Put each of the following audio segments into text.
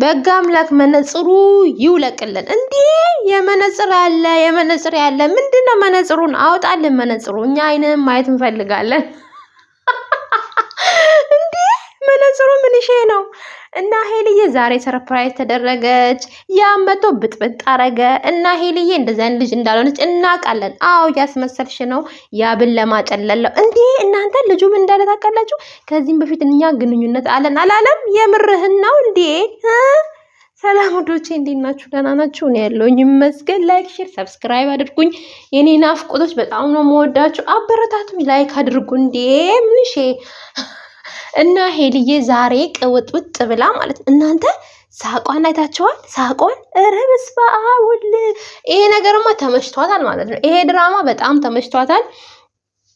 በጋ አምላክ መነጽሩ ይውለቅልን። እንዴ የመነጽር ያለ የመነጽር ያለ ምንድን ነው? መነጽሩን አውጣልን። መነጽሩ እኛ አይንም ማየት እንፈልጋለን። እንዴ መነጽሩ ምን ነው? እና ሄልዬ ዛሬ ሰርፕራይዝ ተደረገች። ያም መቶ ብጥብጥ አረገ እና ሄልዬ እንደዛን ልጅ እንዳልሆነች እናውቃለን። አዎ ያስመሰልሽ ነው ያ ብን ለማጨለለው። እንዴ እናንተ ልጁም እንዳለ ታውቃላችሁ። ከዚህም በፊት እኛ ግንኙነት አለን አላለም። የምርህን ነው እንዴ? ሰላም ወዶቼ እንዴት ናችሁ? ደህና ናችሁ? እኔ ያለሁኝ ይመስገን። ላይክ፣ ሼር፣ ሰብስክራይብ አድርጉኝ። የኔ ናፍቆቶች በጣም ነው መወዳችሁ። አበረታቱኝ፣ ላይክ አድርጉ። እንዴ ምንሽ እና ሄልዬ ዛሬ ቅውጥውጥ ብላ ማለት ነው። እናንተ ሳቋን አይታቸዋል። ሳቋን ኧረ በስመ አብ ወልድ። ይሄ ነገርማ ተመችቷታል ማለት ነው። ይሄ ድራማ በጣም ተመችቷታል።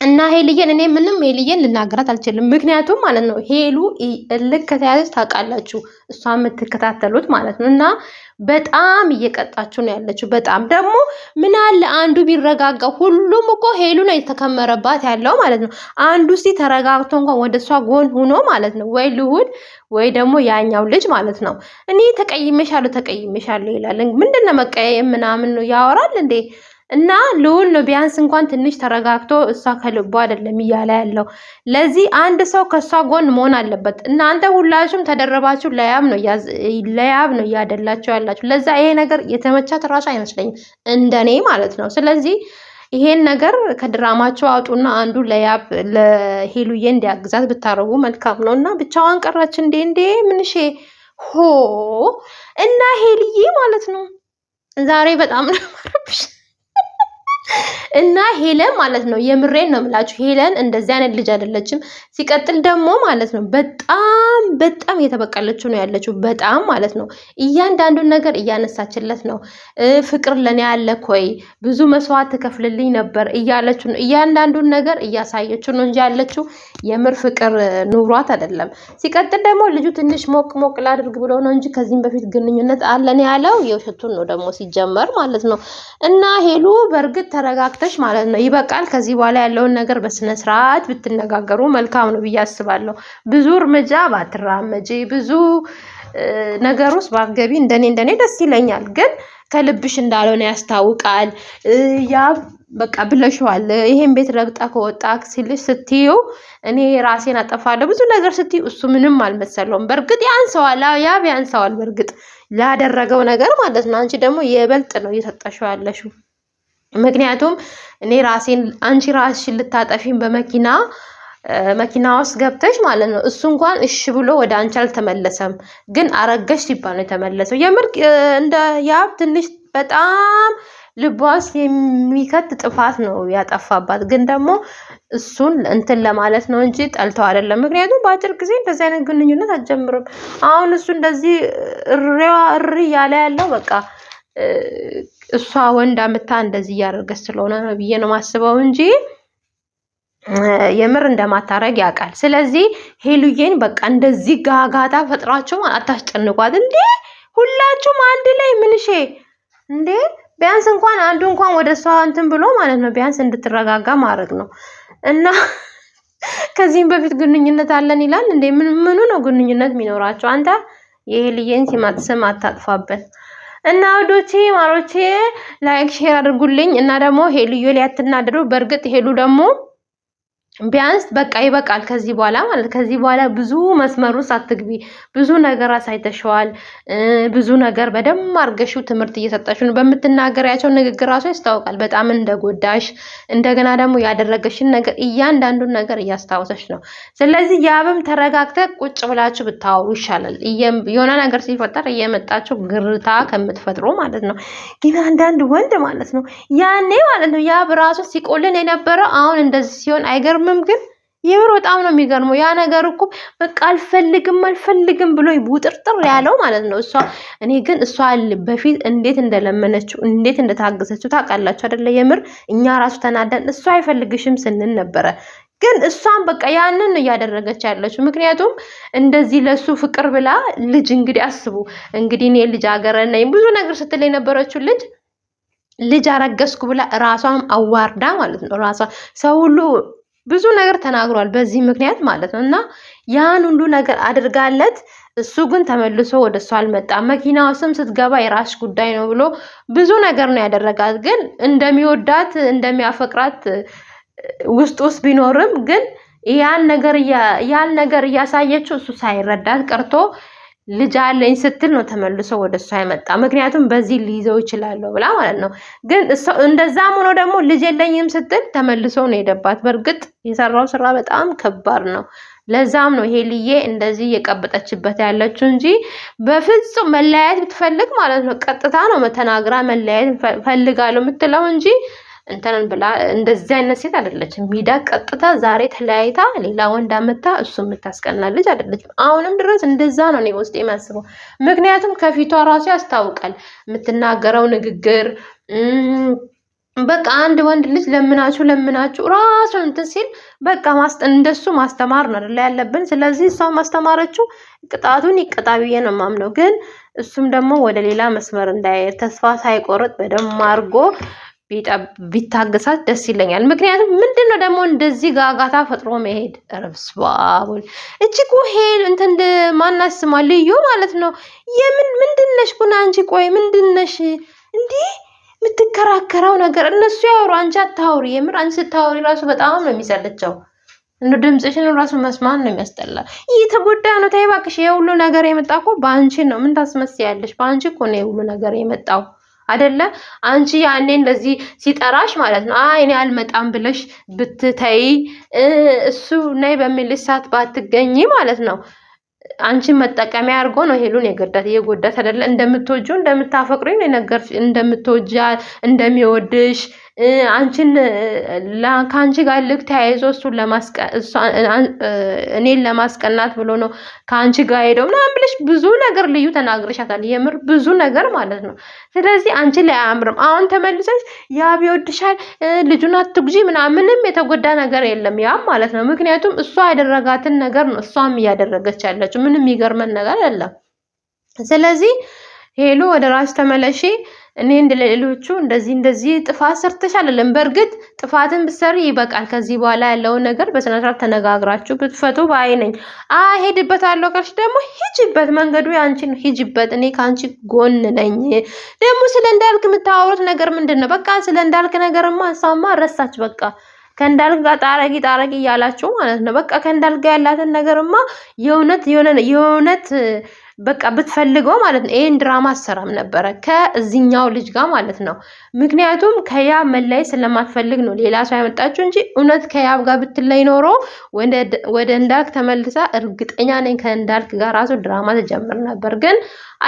እና ሄልየን እኔ ምንም ሄልየን ልናገራት አልችልም። ምክንያቱም ማለት ነው ሄሉ ልክ ከተያዘች ታውቃላችሁ፣ እሷ የምትከታተሉት ማለት ነው እና በጣም እየቀጣችሁ ነው ያለችው። በጣም ደግሞ ምን አለ አንዱ ቢረጋጋ። ሁሉም እኮ ሄሉ ነው የተከመረባት ያለው ማለት ነው። አንዱ ሲ ተረጋግቶ እንኳን ወደ እሷ ጎን ሁኖ ማለት ነው ወይ ልሁድ ወይ ደግሞ ያኛው ልጅ ማለት ነው። እኔ ተቀይሜሻለሁ ተቀይሜሻለሁ ይላል። ምንድን መቀየም ምናምን ያወራል እንዴ? እና ልውል ነው ቢያንስ እንኳን ትንሽ ተረጋግቶ እሷ ከልቦ አይደለም እያለ ያለው። ለዚህ አንድ ሰው ከእሷ ጎን መሆን አለበት። እናንተ ሁላችሁም ተደረባችሁ ለያብ ነው ለያብ ነው እያደላችሁ ያላችሁ። ለዛ ይሄ ነገር የተመቻት ራሱ አይመስለኝም እንደኔ ማለት ነው። ስለዚህ ይሄን ነገር ከድራማቸው አውጡና አንዱ ለያብ ለሄሉዬ እንዲያግዛት ብታረጉ መልካም ነው። እና ብቻዋን ቀራች እንዴ እንዴ ምንሼ ሆ እና ሄልዬ ማለት ነው ዛሬ በጣም ነው እና ሄለን ማለት ነው የምሬን ነው የምላችሁ፣ ሄለን እንደዚህ አይነት ልጅ አይደለችም። ሲቀጥል ደግሞ ማለት ነው በጣም በጣም እየተበቀለችው ነው ያለችው። በጣም ማለት ነው እያንዳንዱን ነገር እያነሳችለት ነው። ፍቅር ለኔ ያለ ኮይ ብዙ መስዋዕት ትከፍልልኝ ነበር እያለችው ነው። እያንዳንዱን ነገር እያሳየችው ነው እንጂ ያለችው የምር ፍቅር ኑሯት አይደለም። ሲቀጥል ደግሞ ልጁ ትንሽ ሞቅ ሞቅ ላድርግ ብሎ ነው እንጂ ከዚህም በፊት ግንኙነት አለን ያለው የውሸቱን ነው ደግሞ ሲጀመር ማለት ነው እና ሄሉ በእርግጥ ተረጋግተ ሰርተሽ ማለት ነው። ይበቃል። ከዚህ በኋላ ያለውን ነገር በስነ ስርዓት ብትነጋገሩ መልካም ነው ብዬ አስባለሁ። ብዙ እርምጃ ባትራመጂ፣ ብዙ ነገር ውስጥ ባገቢ እንደኔ እንደኔ ደስ ይለኛል። ግን ከልብሽ እንዳልሆነ ያስታውቃል። ያ በቃ ብለሽዋል። ይሄን ቤት ረግጣ ከወጣ ሲልሽ ስትዩ እኔ ራሴን አጠፋለሁ ብዙ ነገር ስትዩ እሱ ምንም አልመሰለውም። በእርግጥ ያንሰዋል፣ ያብ ያንሰዋል። በእርግጥ ላደረገው ነገር ማለት ነው። አንቺ ደግሞ የበልጥ ነው እየሰጠሽው ያለሽው። ምክንያቱም እኔ ራሴን አንቺ ራስሽን ልታጠፊን በመኪና መኪና ውስጥ ገብተሽ ማለት ነው። እሱ እንኳን እሺ ብሎ ወደ አንቺ አልተመለሰም፣ ግን አረገሽ ሲባል ነው የተመለሰው። የምር እንደ ያብ ትንሽ በጣም ልቧስ የሚከት ጥፋት ነው ያጠፋባት፣ ግን ደግሞ እሱን እንትን ለማለት ነው እንጂ ጠልተው አይደለም። ምክንያቱም በአጭር ጊዜ እንደዚህ አይነት ግንኙነት አትጀምርም። አሁን እሱ እንደዚህ እሪዋ እሪ እያለ ያለው በቃ እሷ ወንድ አምታ እንደዚህ እያደረገች ስለሆነ ነው ብዬ ነው ማስበው እንጂ የምር እንደማታረግ ያውቃል። ስለዚህ ሄሉዬን በቃ እንደዚህ ጋጋታ ፈጥራችሁ አታስጨንቋት እንዴ! ሁላችሁም አንድ ላይ ምንሼ እንዴ! ቢያንስ እንኳን አንዱ እንኳን ወደ እሷ እንትን ብሎ ማለት ነው ቢያንስ እንድትረጋጋ ማድረግ ነው እና ከዚህም በፊት ግንኙነት አለን ይላል እንዴ! ምኑ ነው ግንኙነት የሚኖራቸው? አንተ የሄልዬን ስም አታጥፋበት። እና ወዶቼ ማሮቼ ላይክ ሼር አድርጉልኝ እና ደግሞ ሄሉ ላይ አትናደዱ። በእርግጥ ሄሉ ደግሞ ቢያንስ በቃ ይበቃል። ከዚህ በኋላ ማለት ከዚህ በኋላ ብዙ ውስጥ ሳትግቢ ብዙ ነገር አሳይተሸዋል። ብዙ ነገር በደም አርገሹ ትምህርት እየሰጠሽው ነው። በምትናገሪያቸው ንግግር ራሱ ያስታውቃል በጣም እንደጎዳሽ። እንደገና ደግሞ ያደረገሽን ነገር እያንዳንዱን ነገር እያስታወሰች ነው። ስለዚህ ያብም ተረጋግተ ቁጭ ብላችሁ ብታወሩ ይሻላል። የሆነ ነገር ሲፈጠር እየመጣችሁ ግርታ ከምትፈጥሩ ማለት ነው። ግን አንዳንድ ወንድ ማለት ነው ያኔ ማለት ነው ያብ ራሱ ሲቆልን የነበረው አሁን እንደዚህ ሲሆን አይገርም አይገርምም? ግን የምር በጣም ነው የሚገርመው። ያ ነገር እኮ በቃ አልፈልግም አልፈልግም ብሎ ውጥርጥር ያለው ማለት ነው። እሷ እኔ ግን እሷ በፊት እንዴት እንደለመነችው እንዴት እንደታገሰችው ታውቃላችሁ አይደለ? የምር እኛ ራሱ ተናደን እሷ አይፈልግሽም ስንል ነበረ። ግን እሷን በቃ ያንን እያደረገች ያለችው ምክንያቱም እንደዚህ ለሱ ፍቅር ብላ ልጅ እንግዲህ አስቡ እንግዲህ እኔ ልጅ አገረ ነኝ ብዙ ነገር ስትል የነበረችው ልጅ ልጅ አረገዝኩ ብላ ራሷን አዋርዳ ማለት ነው። ራሷ ሰው ሁሉ ብዙ ነገር ተናግሯል። በዚህ ምክንያት ማለት ነው እና ያን ሁሉ ነገር አድርጋለት እሱ ግን ተመልሶ ወደ እሱ አልመጣም። መኪናው ስም ስትገባ የራሽ ጉዳይ ነው ብሎ ብዙ ነገር ነው ያደረጋት። ግን እንደሚወዳት እንደሚያፈቅራት ውስጥ ውስጥ ቢኖርም ግን ያን ነገር ያን ነገር እያሳየችው እሱ ሳይረዳት ቀርቶ ልጅ አለኝ ስትል ነው ተመልሶ ወደ እሷ የመጣ። ምክንያቱም በዚህ ሊይዘው ይችላለሁ ብላ ማለት ነው። ግን እንደዛም ሆኖ ደግሞ ልጅ የለኝም ስትል ተመልሶ ነው የሄደባት። በእርግጥ የሰራው ስራ በጣም ከባድ ነው። ለዛም ነው ሄልዬ እንደዚህ እየቀበጠችበት ያለችው እንጂ በፍጹም መለያየት ብትፈልግ ማለት ነው ቀጥታ ነው መተናግራ መለያየት ፈልጋለሁ የምትለው እንጂ እንተንን ብላ እንደዚህ አይነት ሴት አይደለችም። ሚዳ ቀጥታ ዛሬ ተለያይታ ሌላ ወንድ አመታ እሱ የምታስቀና ልጅ አይደለችም። አሁንም ድረስ እንደዛ ነው እኔ ውስጥ የማስበው። ምክንያቱም ከፊቷ ራሱ ያስታውቃል የምትናገረው ንግግር በቃ አንድ ወንድ ልጅ ለምናችሁ ለምናችሁ ራሱ እንትን ሲል በቃ እንደሱ ማስተማር ነው አይደል ያለብን። ስለዚህ እሷ ማስተማረችው ቅጣቱን ይቅጣ ብዬ ነው የማምነው። ግን እሱም ደግሞ ወደ ሌላ መስመር እንዳይ ተስፋ ሳይቆርጥ በደንብ አድርጎ ቢታገሳት ደስ ይለኛል። ምክንያቱም ምንድን ነው ደግሞ እንደዚህ ጋጋታ ፈጥሮ መሄድ ረብስባቡል እጅግ ሄል እንትን ማናት ስማ ልዩ ማለት ነው። የምን ምንድነሽ ጉና አንቺ ቆይ ምንድነሽ እንዲህ የምትከራከረው ነገር እነሱ ያወሩ፣ አንቺ አታውሪ። የምር አንቺ ስታወሪ ራሱ በጣም ነው የሚሰለቸው። እንደ ድምፅሽን ራሱ መስማት ነው የሚያስጠላ። እየተጎዳ ነው። ተይ እባክሽ፣ የሁሉ ነገር የመጣ እኮ በአንቺ ነው። ምን ታስመስያለሽ? በአንቺ እኮ ነው የሁሉ ነገር የመጣው። አደለ አንቺ ያኔ እንደዚህ ሲጠራሽ ማለት ነው አይ እኔ አልመጣም ብለሽ ብትተይ እሱ ነይ በሚልሽ ሰዓት ባትገኝ ማለት ነው አንቺን መጠቀሚያ አድርጎ ነው ሄሉን የጎዳት እየጎዳት አይደለ እንደምትወጂው እንደምታፈቅሪው ነገር እንደምትወጃ እንደሚወድሽ አንቺን ከአንቺ ጋር ልክ ተያይዞ እሱን እኔን ለማስቀናት ብሎ ነው ከአንቺ ጋር ሄደው ምናምን ብለሽ ብዙ ነገር ልዩ ተናግረሻታል። የምር ብዙ ነገር ማለት ነው። ስለዚህ አንቺ ላይ አያምርም። አሁን ተመልሰሽ ያ ቢወድሻል ልጁን አትጉጂ ምናምንም የተጎዳ ነገር የለም ያም ማለት ነው። ምክንያቱም እሷ ያደረጋትን ነገር ነው እሷም እያደረገች ያለችው። ምንም የሚገርመን ነገር የለም። ስለዚህ ሄሎ ወደ ራስ ተመለሺ። እኔ እንደ እንደሌሎቹ እንደዚህ እንደዚህ ጥፋት ሰርተሽ አይደለም። በእርግጥ ጥፋትን ብትሰሪ ይበቃል። ከዚህ በኋላ ያለውን ነገር በስነ ስርዓት ተነጋግራችሁ ብትፈቱ ባይ ነኝ። አይ አለው ካልሽ ደግሞ ሂጅበት፣ መንገዱ ያንቺ ነው። ሂጅበት፣ እኔ ከአንቺ ጎን ነኝ። ደግሞ ስለ እንዳልክ የምታወሩት ነገር ምንድን ነው? በቃ ስለ እንዳልክ ነገርማ እሷማ ረሳች በቃ ከእንዳልክ ጋር ጣረቂ ጣረቂ እያላችሁ ማለት ነው። በቃ ከእንዳልክ ጋር ያላትን ነገርማ የእውነት የእውነት በቃ ብትፈልገው ማለት ነው ይህን ድራማ አትሰራም ነበረ ከዚህኛው ልጅ ጋር ማለት ነው። ምክንያቱም ከያብ መለይ ስለማትፈልግ ነው ሌላ ሰው ያመጣችው እንጂ እውነት ከያብ ጋር ብትለይ ኖሮ ወደ እንዳልክ ተመልሳ እርግጠኛ ነኝ ከእንዳልክ ጋር ራሱ ድራማ ተጀምር ነበር። ግን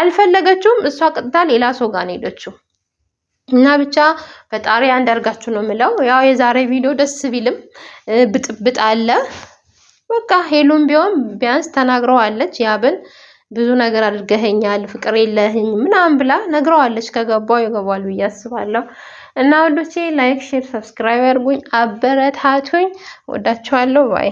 አልፈለገችውም። እሷ ቀጥታ ሌላ ሰው ጋር ነው ሄደችው። እና ብቻ ፈጣሪ አንድ ነው የምለው። ያው የዛሬ ቪዲዮ ደስ ቢልም ብጥብጥ አለ። በቃ ሄሉም ቢሆን ቢያንስ ተናግረዋለች። ያብን ብዙ ነገር አድርገኸኛል፣ ፍቅር የለህኝ ምናምን ብላ ነግረዋለች። ከገባው ይገባል ብዬ አስባለሁ። እና ወዶቼ ላይክ፣ ሼር፣ ሰብስክራይብ አድርጉኝ፣ አበረታቱኝ። ወዳችኋለሁ ባይ